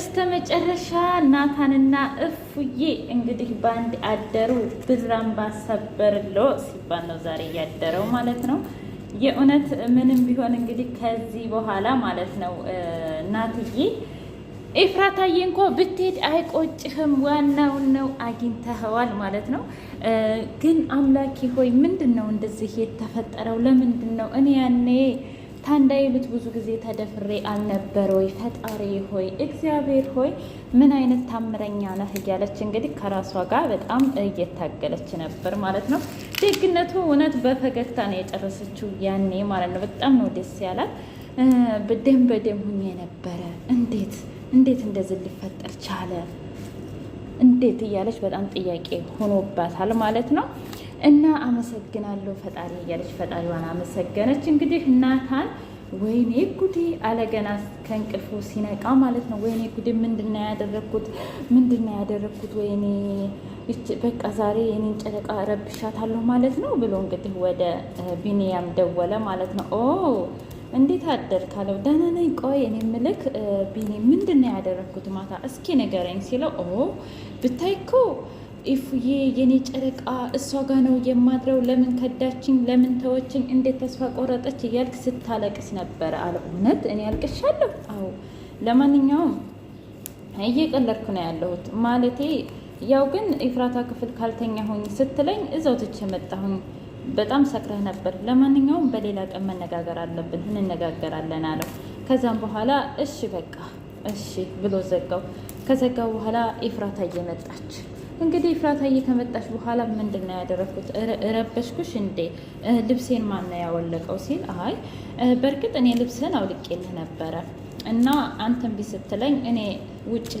በስተመጨረሻ ናታንና እፉዬ እንግዲህ በአንድ አደሩ። ብዝራን አምባሳ ሲባል ነው ዛሬ እያደረው ማለት ነው። የእውነት ምንም ቢሆን እንግዲህ ከዚህ በኋላ ማለት ነው እናትዬ ኤፍራታዬ እንኳ ብትሄድ አይቆጭህም። ዋናውን ነው አግኝተኸዋል ማለት ነው። ግን አምላኬ ሆይ ምንድን ነው እንደዚህ የተፈጠረው? ለምንድን ነው እኔ ያኔ ታንዳይሉት ብዙ ጊዜ ተደፍሬ አልነበር ወይ? ፈጣሪ ሆይ እግዚአብሔር ሆይ ምን አይነት ታምረኛ ነህ እያለች እንግዲህ ከራሷ ጋር በጣም እየታገለች ነበር ማለት ነው። ደግነቱ እውነት በፈገግታ ነው የጨረሰችው ያኔ ማለት ነው። በጣም ነው ደስ ያላት። በደም በደም ሁኜ ነበረ። እንዴት እንዴት እንደዚህ ሊፈጠር ቻለ እንዴት እያለች በጣም ጥያቄ ሆኖባታል ማለት ነው። እና አመሰግናለሁ ፈጣሪ እያለች ፈጣሪዋን አመሰገነች። እንግዲህ ናታን ወይኔ ጉዴ አለገና ከእንቅልፉ ሲነቃ ማለት ነው። ወይኔ ጉዴ ምንድና ያደረግኩት? ምንድና ያደረግኩት? ወይኔ በቃ ዛሬ የኔን ጨረቃ ረብሻታለሁ ማለት ነው ብሎ እንግዲህ ወደ ቢኒያም ደወለ ማለት ነው። ኦ እንዴት አደርክ አለው። ደህና ነኝ። ቆይ እኔ ምልክ ቢኒ ምንድን ነው ያደረግኩት ማታ እስኪ ንገረኝ ሲለው ኦ ብታይ እኮ ኢፉዬ የኔ ጨረቃ እሷ ጋ ነው የማድረው። ለምን ከዳችኝ? ለምን ተወችኝ? እንዴት ተስፋ ቆረጠች? እያልክ ስታለቅስ ነበረ አለ። እውነት እኔ አልቅሻለሁ? አዎ። ለማንኛውም እየቀለድኩ ነው ያለሁት ማለቴ ያው ግን ኤፍራታ ክፍል ሆኝ ስትለኝ እዛው ትቼ መጣሁኝ። በጣም ሰክረህ ነበር። ለማንኛውም በሌላ ቀን መነጋገር አለብን፣ እንነጋገራለን አለው። ከዛም በኋላ እሺ በቃ እሺ ብሎ ዘጋው። ከዘጋው በኋላ ኤፍራታ እየመጣች እንግዲህ ፍራታዬ ከመጣሽ በኋላ ምንድን ነው ያደረግኩት? ረበሽኩሽ እንዴ? ልብሴን ማን ነው ያወለቀው ሲል አይ በእርግጥ እኔ ልብስህን አውልቄልህ ነበረ እና አንተ እምቢ ስትለኝ እኔ ውጭ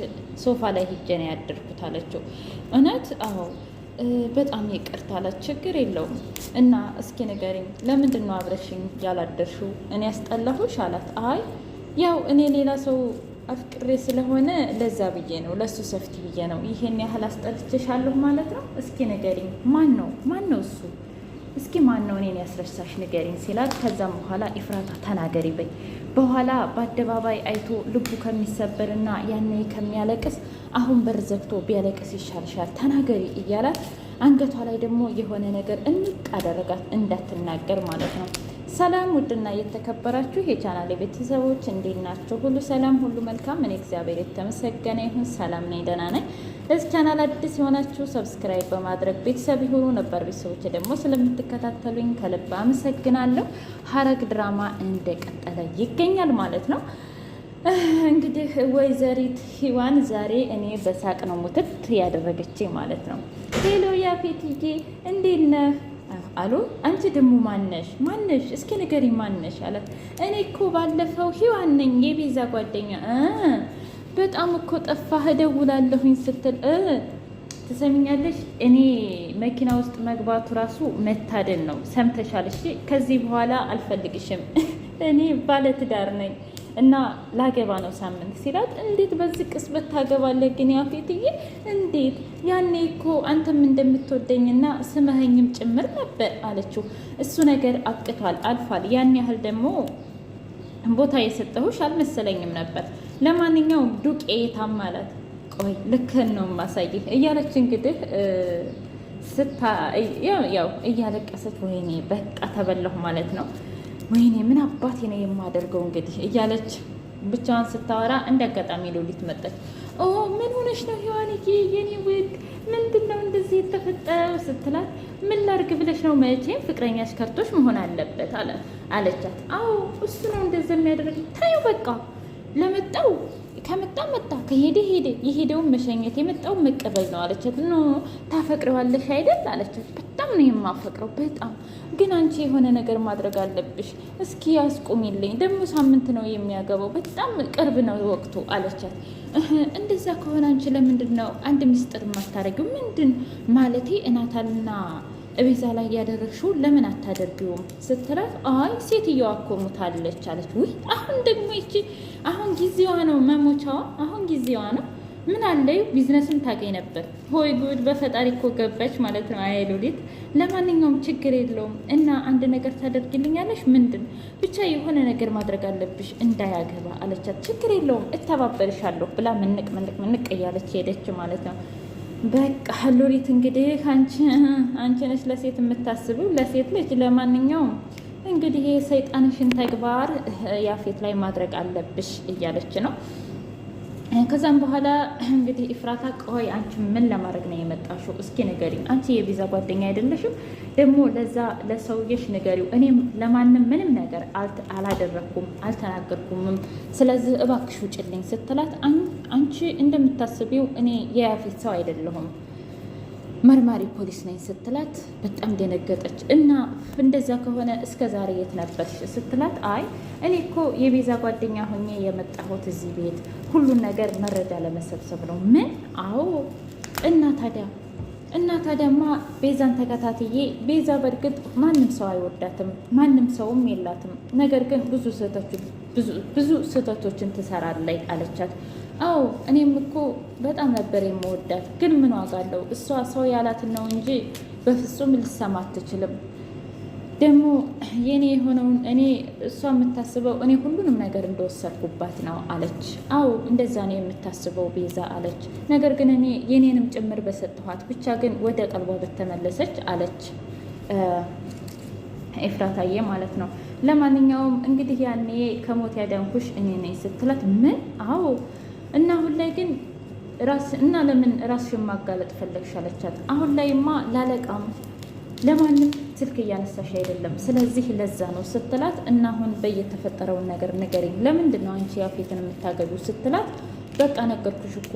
ሶፋ ላይ ሂጄ ነው ያደርኩት አለችው። እውነት? አዎ በጣም ይቅርታ አላት። ችግር የለውም እና እስኪ ንገሪኝ፣ ለምንድን ነው አብረሽኝ ያላደርሽው? እኔ ያስጠላሁሽ አላት። አይ ያው እኔ ሌላ ሰው አፍቅሬ ስለሆነ ለዛ ብዬ ነው፣ ለእሱ ሰፍቲ ብዬ ነው። ይሄን ያህል አስጠልቼሻለሁ ማለት ነው? እስኪ ንገሪኝ፣ ማን ነው ማን ነው እሱ? እስኪ ማን ነው እኔን ያስረሳሽ ንገሪኝ ሲላት፣ ከዛም በኋላ ኢፍራታ ተናገሪ በይ በኋላ በአደባባይ አይቶ ልቡ ከሚሰበርና ያኔ ከሚያለቅስ አሁን በር ዘግቶ ቢያለቅስ ይሻልሻል፣ ተናገሪ እያላት አንገቷ ላይ ደግሞ የሆነ ነገር እንቅ አደረጋት እንዳትናገር ማለት ነው። ሰላም ውድና እየተከበራችሁ የቻናል ቤተሰቦች እንዴት ናቸው? ሁሉ ሰላም፣ ሁሉ መልካም። እኔ እግዚአብሔር የተመሰገነ ይሁን ሰላም ነኝ፣ ደህና ነኝ። ለዚህ ቻናል አዲስ የሆናችሁ ሰብስክራይብ በማድረግ ቤተሰብ የሆኑ ነበር ቤተሰቦች ደግሞ ስለምትከታተሉኝ ከልብ አመሰግናለሁ። ሐረግ ድራማ እንደቀጠለ ይገኛል ማለት ነው። እንግዲህ ወይዘሪት ሂዋን ዛሬ እኔ በሳቅ ነው ሙትት ያደረገች ማለት ነው። ሄሎ ያፌትዬ እንዴት ነህ? አሉ። አንቺ ደግሞ ማነሽ ማነሽ? እስኪ ንገሪ ማነሽ አላት። እኔ እኮ ባለፈው ሂዋን ነኝ የቤዛ ጓደኛ። በጣም እኮ ጠፋ እደውላለሁኝ ስትል ትሰሚኛለሽ፣ እኔ መኪና ውስጥ መግባቱ ራሱ መታደን ነው። ሰምተሻል? እሺ፣ ከዚህ በኋላ አልፈልግሽም። እኔ ባለትዳር ነኝ እና ላገባ ነው ሳምንት ሲላት፣ እንዴት በዚህ ቅጽበት ታገባለህ ግን ያፌትዬ? እንዴት ያኔ እኮ አንተም እንደምትወደኝና ስመኸኝም ጭምር ነበር አለችው። እሱ ነገር አብቅቷል፣ አልፏል። ያን ያህል ደግሞ ቦታ የሰጠሁሽ አልመሰለኝም ነበር። ለማንኛውም ዱቄታም አላት። ቆይ ልክህን ነው ማሳይህ እያለች እንግዲህ ስታ ያው እያለቀሰች ወይኔ በቃ ተበላሁ ማለት ነው ወይኔ ምን አባቴ ነው የማደርገው እንግዲህ እያለች ብቻዋን ስታወራ እንደ አጋጣሚ ሉሊት መጣች። ኦ ምን ሆነሽ ነው ሔዋንዬ የኔ ውድ ምንድን ነው እንደዚህ የተፈጠረው ስትላት፣ ምን ላርግ ብለሽ ነው መቼም ፍቅረኛሽ ከርቶሽ መሆን አለበት አለ አለቻት። አዎ እሱ ነው እንደዚህ የሚያደርግ ታዩ በቃ ለመጣው ከመጣ መጣ ከሄደ ሄደ የሄደውን መሸኘት የመጣውን መቀበል ነው አለቻት። ኖ ታፈቅረዋለሽ አይደል አለቻት። በጣም ነው የማፈቅረው። በጣም ግን አንቺ የሆነ ነገር ማድረግ አለብሽ። እስኪ ያስቁሚልኝ። ደግሞ ሳምንት ነው የሚያገባው፣ በጣም ቅርብ ነው ወቅቱ አለቻት። እንደዛ ከሆነ አንቺ ለምንድን ነው አንድ ምስጢር የማታደርጊው? ምንድን ማለቴ እናታልና እቤዛ ላይ ያደረግሽው ለምን አታደርጊውም? ስትላት አይ ሴትዮዋ እኮ ሞታለች አለች። ውይ አሁን ደግሞ ይቺ አሁን ጊዜዋ ነው መሞቻዋ፣ አሁን ጊዜዋ ነው ምን አለይ ቢዝነስን ታገኝ ነበር። ሆይ ጉድ! በፈጣሪ እኮ ገባች ማለት ነው። አይ ሉሊት፣ ለማንኛውም ችግር የለውም እና አንድ ነገር ታደርግልኛለሽ? ምንድን ብቻ የሆነ ነገር ማድረግ አለብሽ እንዳያገባ አለቻት። ችግር የለውም እተባበርሻለሁ ብላ ምንቅ ምንቅ ምንቅ እያለች ሄደች ማለት ነው። በቃ ሉሊት እንግዲህ አንቺ ነሽ ለሴት የምታስቡ ለሴት ልጅ። ለማንኛውም እንግዲህ የሰይጣንሽን ተግባር ያፌት ላይ ማድረግ አለብሽ እያለች ነው ከዛም በኋላ እንግዲህ ኢፍራታ ቆይ አንቺ ምን ለማድረግ ነው የመጣሽው? እስኪ ንገሪኝ። አንቺ የቪዛ ጓደኛ አይደለሽም? ደግሞ ለዛ ለሰውየሽ ንገሪው። እኔም ለማንም ምንም ነገር አላደረግኩም አልተናገርኩምም፣ ስለዚህ እባክሽ ውጭልኝ ስትላት አንቺ እንደምታስቢው እኔ የያፌት ሰው አይደለሁም መርማሪ ፖሊስ ነኝ ስትላት በጣም ደነገጠች እና እንደዛ ከሆነ እስከ ዛሬ የት ነበርሽ ስትላት አይ እኔ እኮ የቤዛ ጓደኛ ሆኜ የመጣሁት እዚህ ቤት ሁሉን ነገር መረጃ ለመሰብሰብ ነው ምን አዎ እና ታዲያ እና ታዲያማ ቤዛን ተከታትዬ ቤዛ በእርግጥ ማንም ሰው አይወዳትም ማንም ሰውም የላትም ነገር ግን ብዙ ስህተቶችን ትሰራለች አለቻት አዎ እኔም እኮ በጣም ነበር የምወዳት፣ ግን ምን ዋጋ አለው? እሷ ሰው ያላትን ነው እንጂ በፍጹም ልሰማ አትችልም። ደግሞ የእኔ የሆነውን እኔ እሷ የምታስበው እኔ ሁሉንም ነገር እንደወሰድኩባት ነው አለች። አዎ እንደዛ ነው የምታስበው ቤዛ አለች። ነገር ግን እኔ የእኔንም ጭምር በሰጠኋት ብቻ ግን ወደ ቀልቧ በተመለሰች አለች ኤፍራታዬ ማለት ነው። ለማንኛውም እንግዲህ ያኔ ከሞት ያዳንኩሽ እኔ ነኝ ስትላት ምን አዎ እና አሁን ላይ ግን እና ለምን ራስሽን ማጋለጥ ፈለግሽ አለቻት። አሁን ላይማ ላለቃም ለማንም ስልክ እያነሳሽ አይደለም፣ ስለዚህ ለዛ ነው ስትላት እና አሁን በየተፈጠረውን ነገር ንገሪኝ፣ ለምንድን ነው አንቺ ያፌትን የምታገቢው ስትላት በቃ ነገርኩሽ እኮ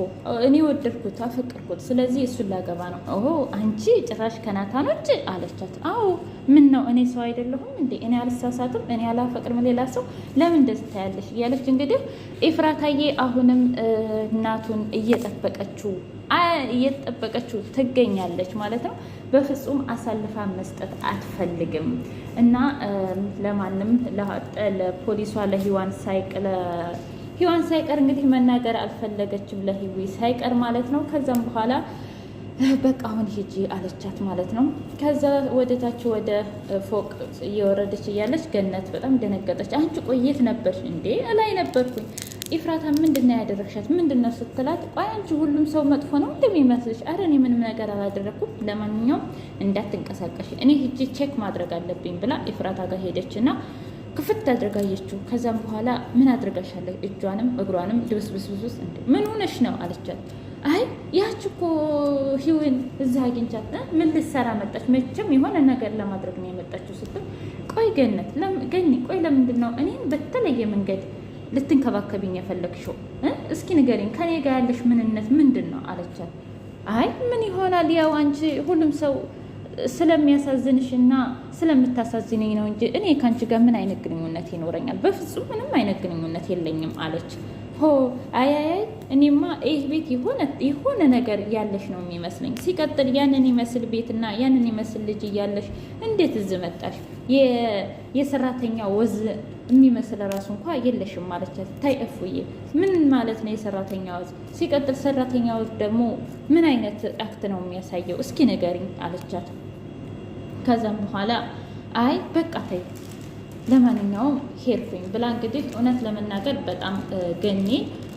እኔ ወደድኩት፣ አፈቅርኩት። ስለዚህ እሱን ላገባ ነው። ኦሆ አንቺ ጭራሽ ከናታኖች አለቻት። አዎ ምን ነው እኔ ሰው አይደለሁም እንዴ? እኔ አልሳሳትም፣ እኔ አላፈቅርም ሌላ ሰው። ለምን እንደዚህ ታያለሽ? እያለች እንግዲህ ኤፍራታዬ አሁንም እናቱን እየጠበቀችው እየተጠበቀችው ትገኛለች ማለት ነው። በፍጹም አሳልፋ መስጠት አትፈልግም እና ለማንም ለፖሊሷ ለህዋን ሳይቅ ህዋን ሳይቀር እንግዲህ መናገር አልፈለገችም ለህዊ ሳይቀር ማለት ነው። ከዛም በኋላ በቃ አሁን ሂጂ አለቻት ማለት ነው። ከዛ ወደታች ወደ ፎቅ እየወረደች እያለች ገነት በጣም ደነገጠች። አንቺ ቆየት ነበር እንዴ? እላይ ነበርኩኝ። ኢፍራታ ምንድን ነው ያደረግሻት? ምንድን ነው ስትላት፣ ቆይ አንቺ ሁሉም ሰው መጥፎ ነው እንደሚመስልሽ? አረ እኔ ምንም ነገር አላደረግኩም። ለማንኛውም እንዳትንቀሳቀሽ እኔ ሂጂ ቼክ ማድረግ አለብኝ ብላ ኢፍራታ ጋር ሄደች እና ክፍት አድርጋ አየችው። ከዛም በኋላ ምን አድርጋሻለሁ? እጇንም እግሯንም ድብስብስብስ እንደ ምን ሆነሽ ነው አለቻት። አይ ያች እኮ ሂውን እዛ አግኝቻት ምን ልትሰራ መጣች? መቼም የሆነ ነገር ለማድረግ ነው የመጣችው ስትል፣ ቆይ ገነት ገኒ፣ ቆይ ለምንድን ነው እኔን በተለየ መንገድ ልትንከባከቢኝ የፈለግሽው? እስኪ ንገሪኝ፣ ከኔ ጋር ያለሽ ምንነት ምንድን ነው አለቻት። አይ ምን ይሆናል ያው አንቺ ሁሉም ሰው ስለሚያሳዝንሽ እና ስለምታሳዝንኝ ነው እንጂ እኔ ከአንቺ ጋር ምን አይነት ግንኙነት ይኖረኛል? በፍጹም ምንም አይነት ግንኙነት የለኝም አለች። ሆ አያያይ እኔማ ይህ ቤት የሆነ ነገር ያለሽ ነው የሚመስለኝ። ሲቀጥል ያንን ይመስል ቤትና ያንን ይመስል ልጅ እያለሽ እንዴት እዚህ መጣሽ? የሰራተኛ ወዝ የሚመስል ራሱ እንኳ የለሽም ማለቻት። ታይ እፉዬ፣ ምን ማለት ነው የሰራተኛ ወዝ? ሲቀጥል ሰራተኛ ወዝ ደግሞ ምን አይነት አክት ነው የሚያሳየው? እስኪ ንገሪኝ አለቻት። ከዛም በኋላ አይ በቃ ተይ ለማንኛውም ሄድኩኝ ብላ እንግዲህ እውነት ለመናገር በጣም ገኒ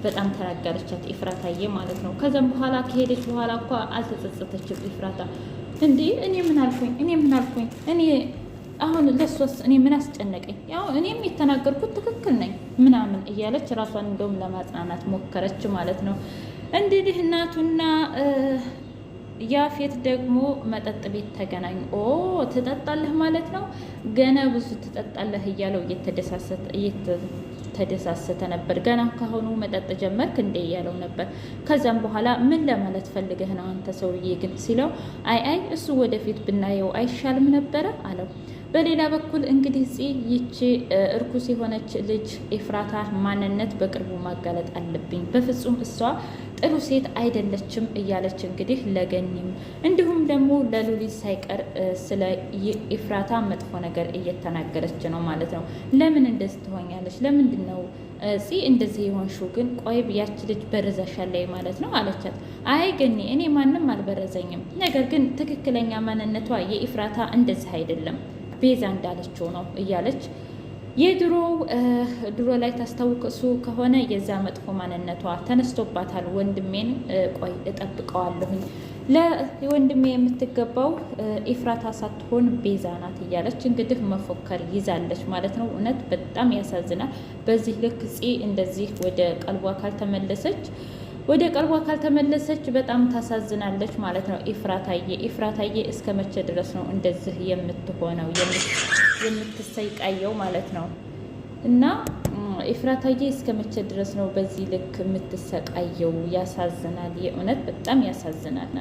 በጣም ተናገረቻት ኤፍራታዬ ማለት ነው። ከዚም በኋላ ከሄደች በኋላ እኳ አልተጸጸተችም ፍራታ እንዴ እኔ ምን አልኩኝ? እኔ ምን አልኩኝ? እኔ አሁን ለሷስ እኔ ምን አስጨነቀኝ? ያው እኔም የተናገርኩት ትክክል ነኝ ምናምን እያለች ራሷን እንደውም ለማጽናናት ሞከረች ማለት ነው። እንግዲህ እናቱና ያፌት ደግሞ መጠጥ ቤት ተገናኙ። ኦ ትጠጣለህ ማለት ነው፣ ገና ብዙ ትጠጣለህ እያለው እየተደሳሰተ ነበር። ገና ካሁኑ መጠጥ ጀመርክ እንደ እያለው ነበር። ከዛም በኋላ ምን ለማለት ፈልገህ ነው አንተ ሰውዬ ግን ሲለው፣ አይ አይ እሱ ወደፊት ብናየው አይሻልም ነበረ አለው። በሌላ በኩል እንግዲህ ፂ ይቺ እርኩስ የሆነች ልጅ ኤፍራታ ማንነት በቅርቡ ማጋለጥ አለብኝ፣ በፍጹም እሷ ጥሩ ሴት አይደለችም እያለች እንግዲህ ለገኒም እንዲሁም ደግሞ ለሉሊት ሳይቀር ስለ ኤፍራታ መጥፎ ነገር እየተናገረች ነው ማለት ነው። ለምን እንደዚህ ትሆኛለች? ለምንድን ነው ጽ እንደዚህ የሆንሽው? ግን ቆይ ያች ልጅ ላይ ማለት ነው አለቻት። አይ ገኒ፣ እኔ ማንም አልበረዘኝም። ነገር ግን ትክክለኛ ማንነቷ የኤፍራታ እንደዚህ አይደለም ቤዛ እንዳለችው ነው እያለች የድሮ ድሮ ላይ ታስታውቅሱ ከሆነ የዛ መጥፎ ማንነቷ ተነስቶባታል። ወንድሜን ቆይ እጠብቀዋለሁኝ ለወንድሜ የምትገባው ኤፍራታ ሳትሆን ቤዛ ናት እያለች እንግዲህ መፎከር ይዛለች ማለት ነው። እውነት በጣም ያሳዝናል። በዚህ ልክ ጽ እንደዚህ ወደ ቀልቧ ካልተመለሰች ወደ ቀልቧ ካልተመለሰች በጣም ታሳዝናለች ማለት ነው። ኢፍራታዬ ኢፍራታዬ እስከ መቼ ድረስ ነው እንደዚህ የምትሆነው የምትሰይቃየው ማለት ነው? እና ኢፍራታዬ እስከ መቼ ድረስ ነው በዚህ ልክ የምትሰቃየው? ያሳዝናል፣ የእውነት በጣም ያሳዝናል።